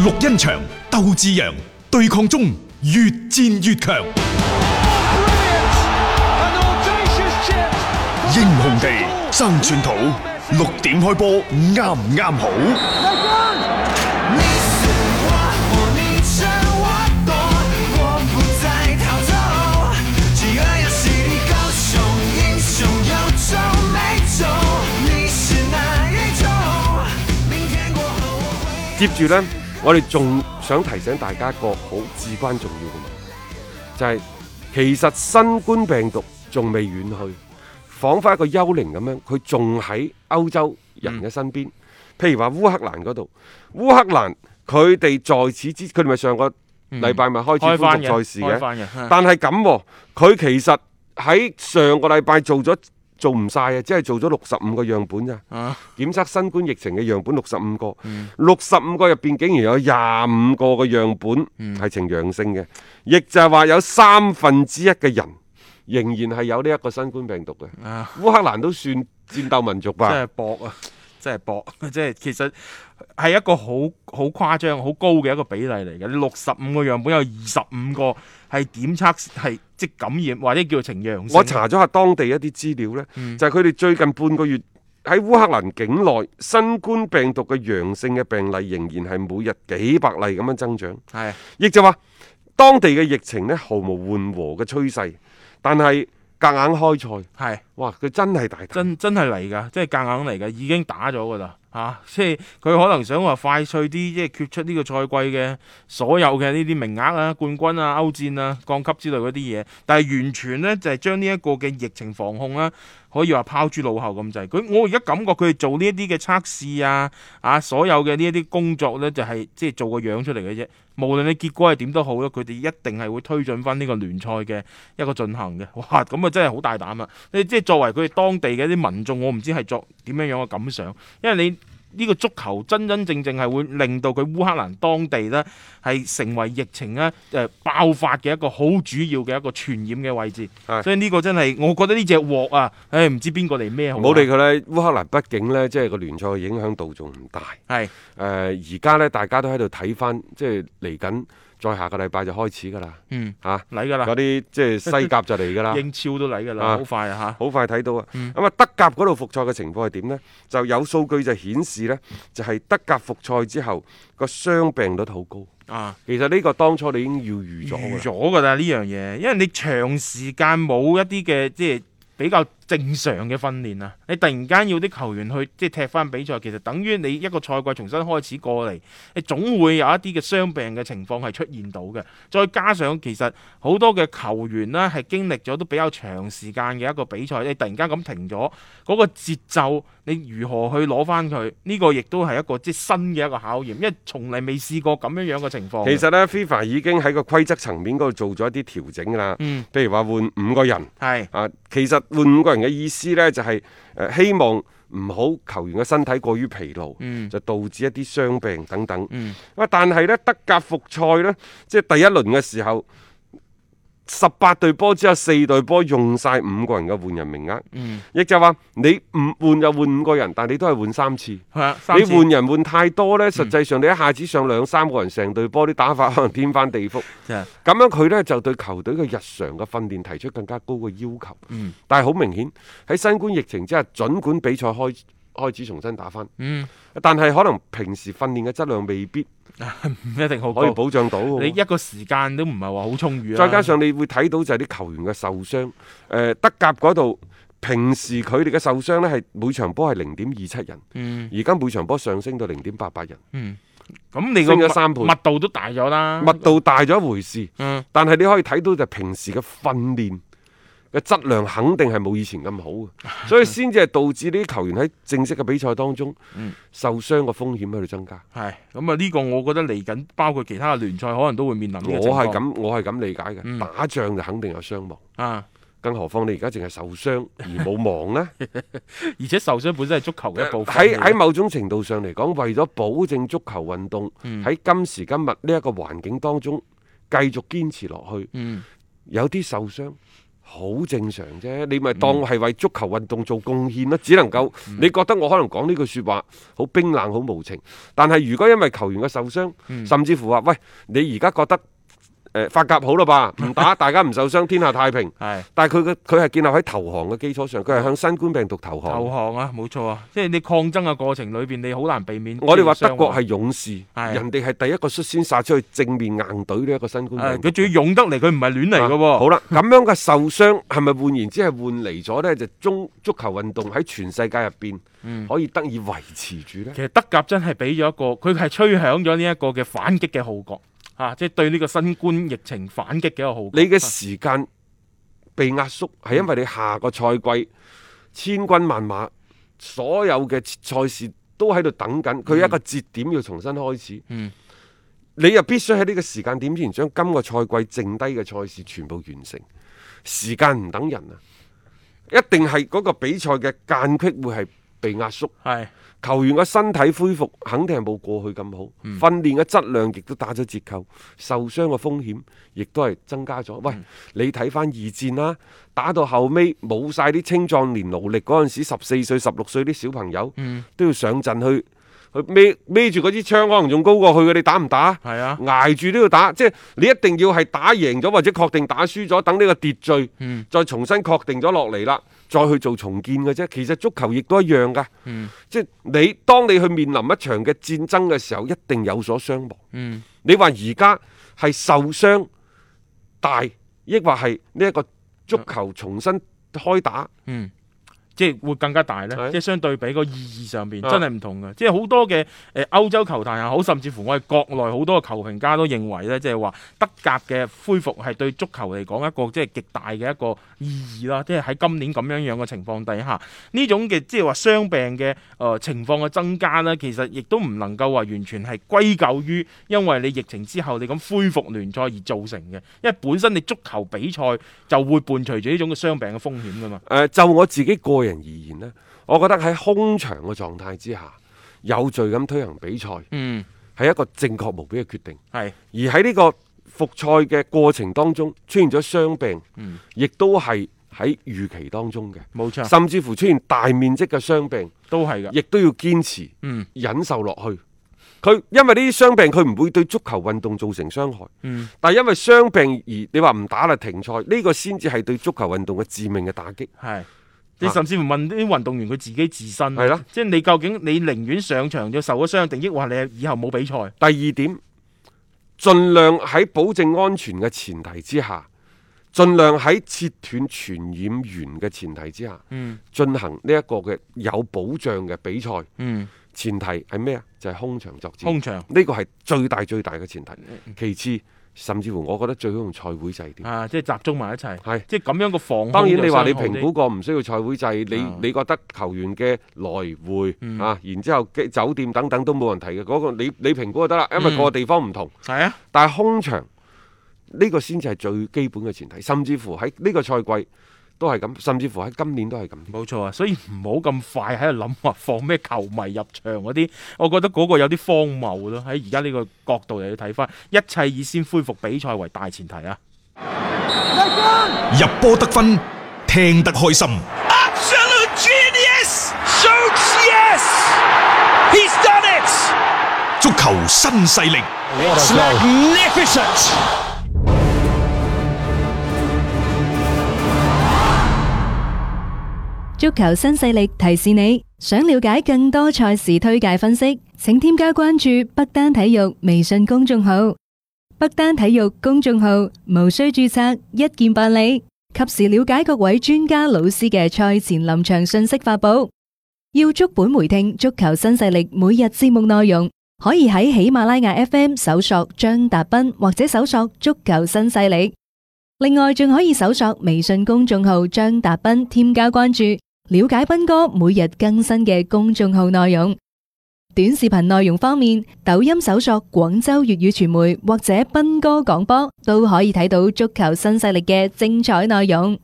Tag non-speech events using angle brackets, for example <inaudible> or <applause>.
綠茵場，鬥志昂，對抗中越戰越強。英雄地，三寸土，六點開波，啱唔啱好？接住啦！我哋仲想提醒大家一個好至關重要嘅問題，就係、是、其實新冠病毒仲未遠去，仿佛一個幽靈咁樣，佢仲喺歐洲人嘅身邊，嗯、譬如話烏克蘭嗰度，烏克蘭佢哋在此之，佢哋咪上個禮拜咪開始恢復賽事嘅，嗯、呵呵但係咁，佢其實喺上個禮拜做咗。做唔晒啊！即係做咗六十五個樣本咋，啊、檢測新冠疫情嘅樣本六十五個，六十五個入邊竟然有廿五個嘅樣本係呈陽性嘅，亦、嗯、就係話有三分之一嘅人仍然係有呢一個新冠病毒嘅。烏、啊、克蘭都算戰鬥民族吧？真係搏啊！即係博，即係其實係一個好好誇張、好高嘅一個比例嚟嘅。六十五個樣本有二十五個係檢測係即感染，或者叫做呈陽性。我查咗下當地一啲資料呢，嗯、就係佢哋最近半個月喺烏克蘭境內新冠病毒嘅陽性嘅病例仍然係每日幾百例咁樣增長。係亦、啊、就話當地嘅疫情呢，毫無緩和嘅趨勢，但係。隔硬開賽係，是哇！佢真係大，大，真真係嚟㗎，即係隔硬嚟㗎，已經打咗㗎啦吓，即係佢可能想話快脆啲，即係決出呢個賽季嘅所有嘅呢啲名額啊、冠軍啊、歐戰啊、降級之類嗰啲嘢，但係完全咧就係、是、將呢一個嘅疫情防控啦、啊。可以話拋諸腦後咁滯，佢我而家感覺佢哋做呢一啲嘅測試啊，啊所有嘅呢一啲工作呢，就係即係做個樣出嚟嘅啫。無論你結果係點都好咯，佢哋一定係會推進返呢個聯賽嘅一個進行嘅。哇，咁啊真係好大膽呀！你即係作為佢哋當地嘅啲民眾，我唔知係作點樣樣嘅感想，因為你。呢個足球真真正正係會令到佢烏克蘭當地呢，係成為疫情呢、啊、誒、呃、爆發嘅一個好主要嘅一個傳染嘅位置，是所以呢個真係我覺得呢隻鑊啊，誒唔知邊個嚟咩好。冇理佢啦，烏克蘭畢竟呢，即係個聯賽影響度仲唔大。係誒是，而家、呃、呢，大家都喺度睇翻，即係嚟緊。再下個禮拜就開始噶啦，吓嚟噶啦，嗰啲、啊、即係西甲就嚟噶啦，英 <laughs> 超都嚟噶啦，好、啊、快啊吓，好快睇到啊。咁啊，嗯、德甲嗰度復賽嘅情況係點咧？就有數據就顯示咧，就係德甲復賽之後個傷病率好高啊。其實呢個當初你已經要預咗噶啦，預咗噶啦呢樣嘢，因為你長時間冇一啲嘅即係比較。正常嘅訓練啊！你突然間要啲球員去即係踢翻比賽，其實等於你一個賽季重新開始過嚟，你總會有一啲嘅傷病嘅情況係出現到嘅。再加上其實好多嘅球員啦，係經歷咗都比較長時間嘅一個比賽，你突然間咁停咗嗰、那個節奏，你如何去攞翻佢？呢、這個亦都係一個即係新嘅一個考驗，因為從嚟未試過咁樣樣嘅情況。其實呢 FIFA 已經喺個規則層面嗰度做咗一啲調整啦。嗯。譬如話換五個人。係是。啊，其實換五個人、嗯。嘅意思呢就係、是，希望唔好球員嘅身體過於疲勞，嗯、就導致一啲傷病等等，咁、嗯、但係呢，德甲複賽呢，即係第一輪嘅時候。十八隊波只有四隊波用晒五個人嘅換人名額，亦、嗯、就話你唔換就換五個人，但你都係換三次。你換人換太多呢，實際上你一下子上兩三個人，成隊波啲打法可能天翻地覆。咁、嗯、樣佢呢就對球隊嘅日常嘅訓練提出更加高嘅要求。嗯、但係好明顯喺新冠疫情之下，盡管比賽開始。開始重新打返，嗯，但係可能平時訓練嘅質量未必唔、啊、一定好，可以保障到。你一個時間都唔係話好充裕啊。再加上你會睇到就係啲球員嘅受傷，誒、呃、德甲嗰度平時佢哋嘅受傷呢係每場波係零點二七人，而家、嗯、每場波上升到零點八八人，嗯，咁你嗰個密度都大咗啦，密度大咗一回事，嗯、但係你可以睇到就係平時嘅訓練嘅質量肯定係冇以前咁好，所以先至係導致呢啲球員喺正式嘅比賽當中受傷嘅風險喺度增加。係咁啊！呢個我覺得嚟緊，包括其他嘅聯賽可能都會面臨嘅。我係咁，我係咁理解嘅。嗯、打仗就肯定有傷亡啊，更何況你而家淨係受傷而冇亡呢？ <laughs> 而且受傷本身係足球嘅一部分。喺、喺、呃、某種程度上嚟講，為咗保證足球運動喺、嗯、今時今日呢一個環境當中繼續堅持落去，嗯、有啲受傷。好正常啫，你咪當係為足球運動做貢獻咯，嗯、只能夠，你覺得我可能講呢句說話好冰冷、好無情，但係如果因為球員嘅受傷，嗯、甚至乎話喂，你而家覺得。誒，法甲好啦吧，唔打大家唔受傷， <laughs> 天下太平。 <laughs> 是但係佢嘅，佢係建立喺投降嘅基礎上，佢係向新冠病毒投降。投降啊，冇錯啊，即係你抗爭嘅過程裏邊，你好難避免。我哋話德國係勇士， <laughs> 是人哋係第一個率先殺出去正面硬懟呢一個新冠病毒。佢仲 <laughs> 要勇得嚟，佢唔係亂嚟嘅。好啦，咁樣嘅受傷係咪換言之係換嚟咗呢？就是，中足球運動喺全世界入邊，嗯、可以得以維持住呢？其實德甲真係俾咗一個，佢係吹響咗呢一個嘅反擊嘅號角。吓、啊，即係對呢個新冠疫情反擊比較好。你嘅時間被壓縮，係、啊、因為你下個賽季千軍萬馬，所有嘅賽事都喺度等緊，佢一個節點要重新開始。嗯，你又必須喺呢個時間點之前，將今個賽季剩低嘅賽事全部完成。時間唔等人啊，一定係嗰個比賽嘅間隙會係被壓縮。係。嗯球員嘅身體恢復肯定係冇過去咁好，嗯、訓練嘅質量亦都打咗折扣，受傷嘅風險亦都係增加咗。喂，嗯、你睇翻二戰啦，打到後尾冇晒啲青壯年勞力嗰陣時，十四歲、十六歲啲小朋友都要上陣去。佢孭孭住嗰支槍，可能仲高過去嘅，你打唔打？係啊，挨住都要打，即係你一定要係打贏咗，或者確定打輸咗，等呢個秩序再重新確定咗落嚟啦，再去做重建嘅啫。其實足球亦都一樣噶，嗯、即係你當你去面臨一場嘅戰爭嘅時候，一定有所傷亡。嗯、你話而家係受傷大，抑或係呢一個足球重新開打？嗯嗯即係會更加大咧，的即係相對比、個意義上邊、啊、真係唔同嘅，即係好多嘅誒歐洲球壇又好，甚至乎我哋國內好多嘅球評家都認為咧，即係話德甲嘅恢復係對足球嚟講一個即係極大嘅一個意義啦。即係喺今年咁樣樣嘅情況底下，呢種嘅即係話傷病嘅誒、呃、情況嘅增加咧，其實亦都唔能夠話完全係歸咎於因為你疫情之後你咁恢復聯賽而造成嘅，因為本身你足球比賽就會伴隨住呢種嘅傷病嘅風險㗎嘛。誒、呃，就我自己個人。人而言咧，我覺得喺空場嘅狀態之下，有序咁推行比賽，嗯，係一個正確無比嘅決定。係是而喺呢個複賽嘅過程當中，出現咗傷病，嗯、亦都係喺預期當中嘅，冇錯錯。甚至乎出現大面積嘅傷病，都係嘅，亦都要堅持，嗯，忍受落去。佢因為呢啲傷病，佢唔會對足球運動造成傷害，嗯、但係因為傷病而你話唔打啦停賽，呢、呢個先至係對足球運動嘅致命嘅打擊，係的。是你甚至乎問啲運動員佢自己自身係啦，即係你究竟你寧願上場就受咗傷，定抑或你以後冇比賽？第二點，盡量喺保證安全嘅前提之下，盡量喺切斷傳染源嘅前提之下，嗯，進行呢一個嘅有保障嘅比賽。嗯，前提係咩啊？就係空場作戰，空場呢個係最大最大嘅前提。其次。甚至乎，我覺得最好用賽會制啲啊，即係集中埋一齊。係即係咁樣個房。當然你話你評估過唔需要賽會制，啊、你你覺得球員嘅來回、嗯、啊，然之後酒店等等都冇問題嘅。嗰、嗰個你你評估就得啦，因為個地方唔同。係、嗯、啊，但係空場呢、呢個先至係最基本嘅前提。甚至乎喺呢個賽季。都係咁，甚至乎喺今年都係咁。冇錯啊，所以唔好咁快喺度諗話放咩球迷入場嗰啲，我覺得嗰個有啲荒謬咯。喺而家呢個角度又要睇翻，一切以先恢復比賽為大前提啊！入波得分，聽得開心。Church, yes! He's done it! 足球新勢力。a 足球新勢力提示你想了解更多賽事推介分析，請添加關注北單體育微信公眾號北單體育公眾號，無需注冊，一鍵辦理，及時了解各位專家老師嘅賽前臨場信息發布。要足本回聽足球新勢力每日節目內容，可以喺喜馬拉雅 FM 搜索張達斌，或者搜索足球新勢力。另外，仲可以搜索微信公眾號張達斌，添加關注。了解斌哥每日更新嘅公眾號內容，短視頻內容方面，抖音搜索廣州粵語傳媒或者斌哥廣播都可以睇到足球新勢力嘅精彩內容。